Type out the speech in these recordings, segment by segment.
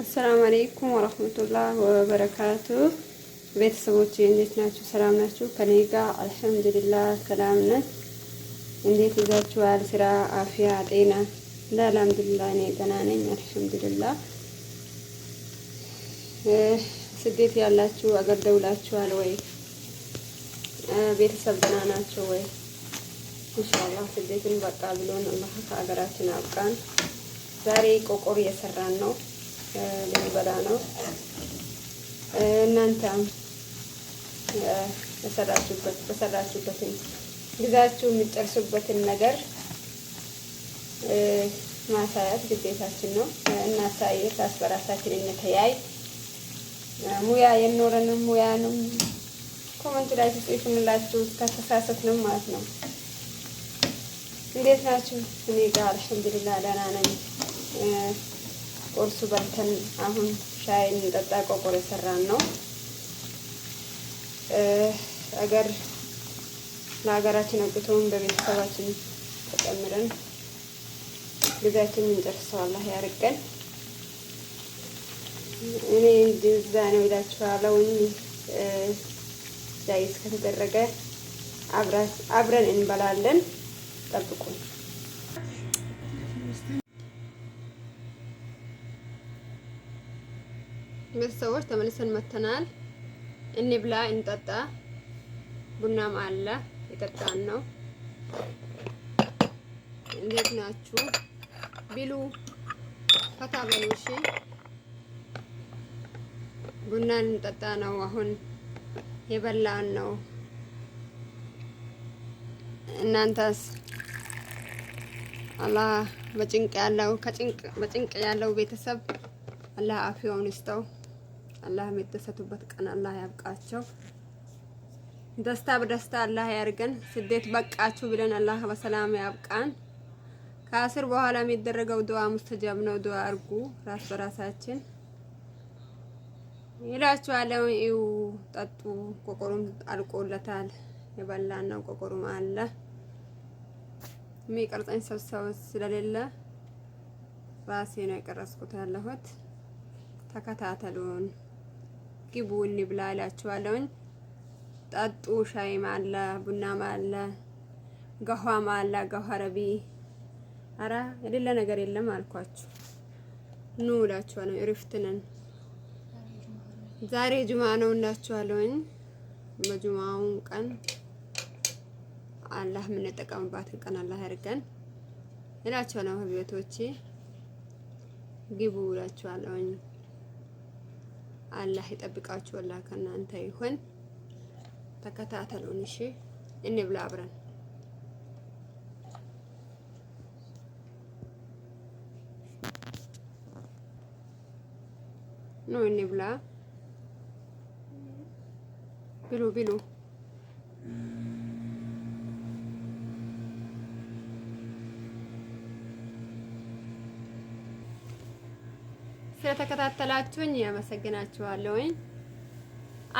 አሰላሙ አለይኩም ወረህመቱላህ ወበረካቱ ቤተሰቦች እንዴት ናችሁ? ሰላም ናችሁ? ከኔ ጋር አልሐምዱሊላህ ሰላም ነን። እንዴት ይዛችኋል? ስራ፣ አፍያ፣ ጤና? አልሐምዱሊላህ እኔ ደህና ነኝ። አልሐምዱሊላህ ስደት ያላችሁ አገር ደውላችኋል ወይ? ቤተሰብ ደህና ናቸው ወይ? ኢንሻአላህ ስደትን በቃ ብሎን አላህ ከሀገራችን አብቃን። ዛሬ ቆቆር እየሰራን ነው ልንበላ ነው። እናንተም በሰራችሁበት በሰራችሁበትን ግዛችሁ የሚጨርሱበትን ነገር ማሳያት ግዴታችን ነው። እናሳየት እርስ እንተያይ። ሙያ የኖረንም ሙያንም ኮመንት ላይ ትጽፉንላችሁ ከተሳሳትንም ማለት ነው። እንዴት ናችሁ? እኔ ጋር አልሐምዱሊላህ ደህና ነኝ። ቁርሱ በልተን አሁን ሻይ እንጠጣ። ቆቆር የሰራን ነው አገር ለሀገራችን አውቅቶን በቤተሰባችን ተጨምረን ጊዜያችን እንጨርሰው አላህ ያርቀን። እኔ እንደዛ ነው ይላችኋለሁ። ዳይስ ከተደረገ አብረን እንበላለን። ጠብቁን። ቤተሰቦች ተመልሰን መተናል። እንብላ፣ እንጠጣ። ቡናም አለ የጠጣን ነው። እንዴት ናችሁ? ቢሉ ፈታ በሉ። እሺ ቡና ልንጠጣ ነው። አሁን የበላን ነው። እናንተስ? አላህ በጭንቅ ያለው ከጭንቅ በጭንቅ ያለው ቤተሰብ አላህ አፊያውን ይስጠው። አላህም የተሰቱበት ቀን አላህ ያብቃቸው። ደስታ በደስታ አላህ ያርገን። ስደት በቃችሁ ብለን አላህ በሰላም ያብቃን። ከአስር በኋላ የሚደረገው ዱዓ ሙስተጃብ ነው። ዱዓ አርጉ ራስ በራሳችን ይላችኋለሁ። ይው ጠጡ። ቆቆሩም አልቆለታል። የበላን ነው ቆቆሩም አለ። የሚቀርጸኝ ሰው ሰው ስለሌለ ራሴ ነው የቀረጽኩት ያለሁት። ተከታተሉን። ግቡ ብላ እላችኋለሁኝ። ጠጡ። ሻይም አለ፣ ቡናም አለ፣ ገኋም አለ፣ ገኋ ረቢ። አረ የሌለ ነገር የለም አልኳችሁ። ኑ እላችኋለሁኝ። እረፍት ዛሬ ጁማ ነው እላችኋለሁኝ። በጁማውን ቀን አላህ የምንጠቀምባትን ቀን አላህ ያድርገን እላችኋለሁ። ህብቶቼ ግቡ እላችኋለሁኝ። አላህ ይጠብቃችሁ። አላህ ከእናንተ ይሁን። ተከታተሉን። እሺ እንብላ አብረን። ኑ እንብላ። ብሉ ብሉ ስለተከታተላችሁኝ ያመሰግናችኋለሁኝ።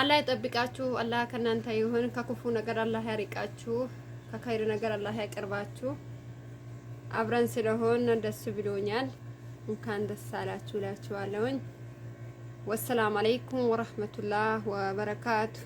አላህ ይጠብቃችሁ። አላህ ከእናንተ ይሁን። ከክፉ ነገር አላህ ያርቃችሁ፣ ከካይር ነገር አላህ ያቀርባችሁ። አብረን ስለሆን ደስ ብሎኛል። እንኳን ደስ አላችሁ እላችኋለሁኝ። ወሰላም አለይኩም ወረህመቱላህ ወበረካቱ